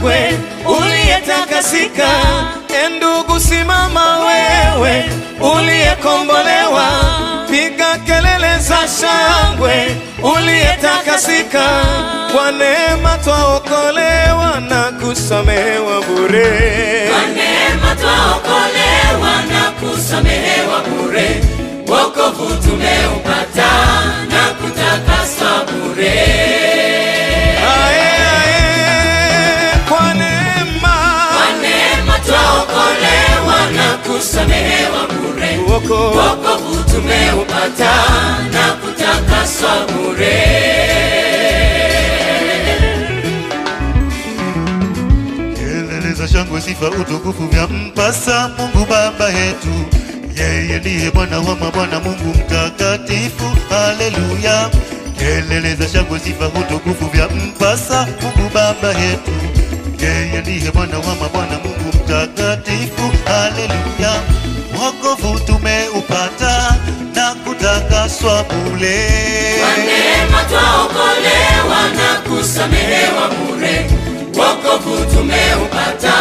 mkwe uliyetakasika. E ndugu, simama wewe uliyekombolewa, piga kelele za shangwe uliyetakasika. Kwa neema twaokolewa na kusamehewa bure, kwa neema twaokolewa na kusamehewa bure, wokovu tumeupata tumesamehewa bure, wokovu tumeupata na kutakaswa bure. Kelele sifa, utukufu vya mpasa Mungu Baba yetu. Yeye ndiye Bwana wa mabwana, Mungu mtakatifu. Haleluya! keleleza za sifa, utukufu vya mpasa Mungu Baba yetu. Yeye ndiye Bwana wa mabwana, Mungu mtakatifu haleluya, wokovu tumeupata na kutakaswa bule kwa neema twaokolewa na kusamehewa bure, wokovu tumeupata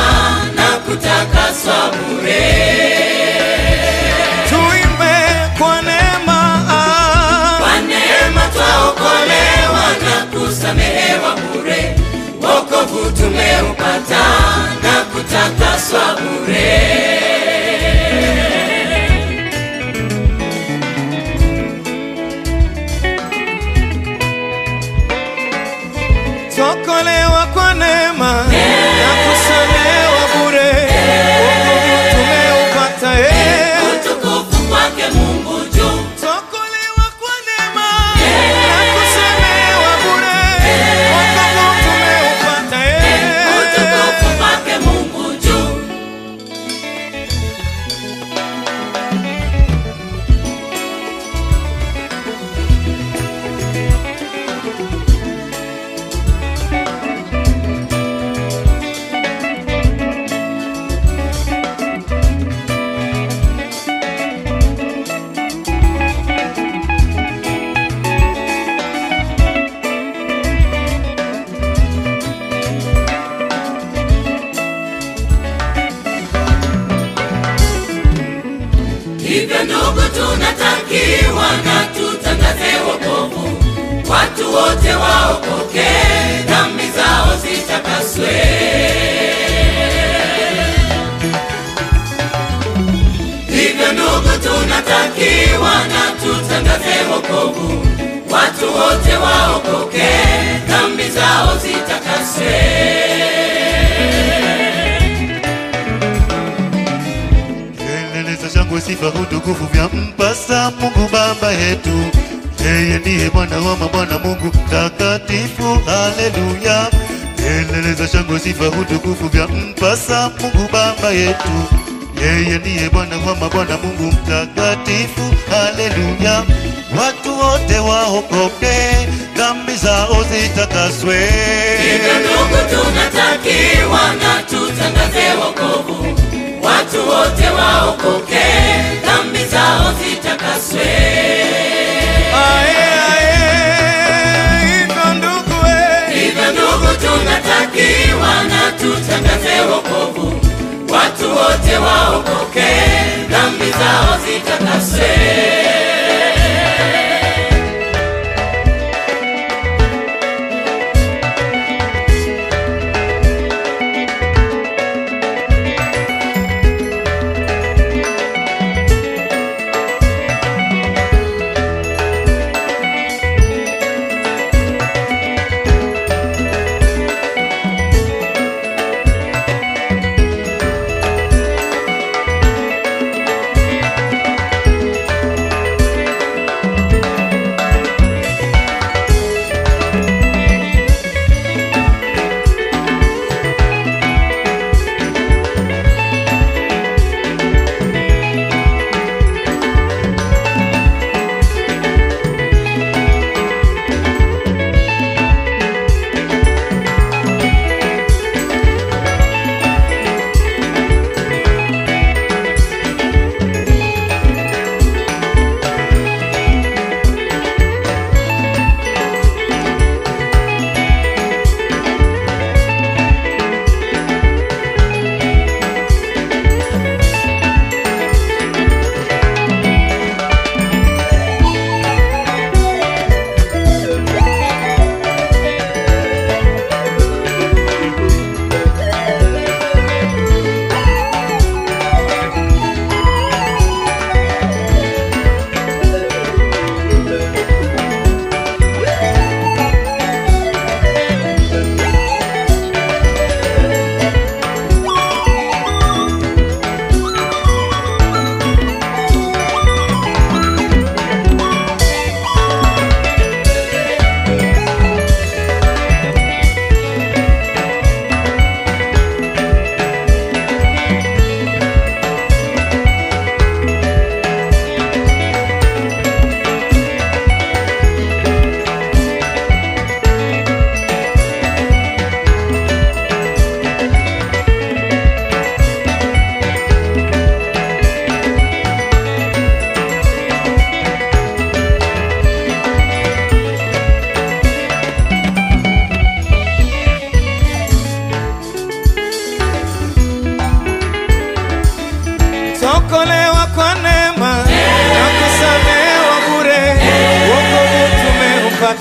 na kutakaswa bure. Só colheu Hivyo ndugu, tunatakiwa na tutangaze wokovu, watu wote waokoke, dhambi zao zitakaswe. Hivyo ndugu, tunatakiwa na tutangaze wokovu, watu wote waokoke, dhambi zao zitakaswe. wewe sifa utukufu vya mpasa Mungu Baba yetu. Yeye ndiye Bwana wa mabwana, Mungu takatifu, haleluya. Kelele za shangwe, sifa utukufu vya mpasa Mungu Baba yetu. Yeye ndiye Bwana wa mabwana, Mungu takatifu. haleluya. Watu wote waokoke, dhambi zao zitakaswe. Kila ndugu tunatakiwa na tutangaze wokovu wote waokoke, dhambi zao zitakaswe.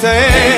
Hey.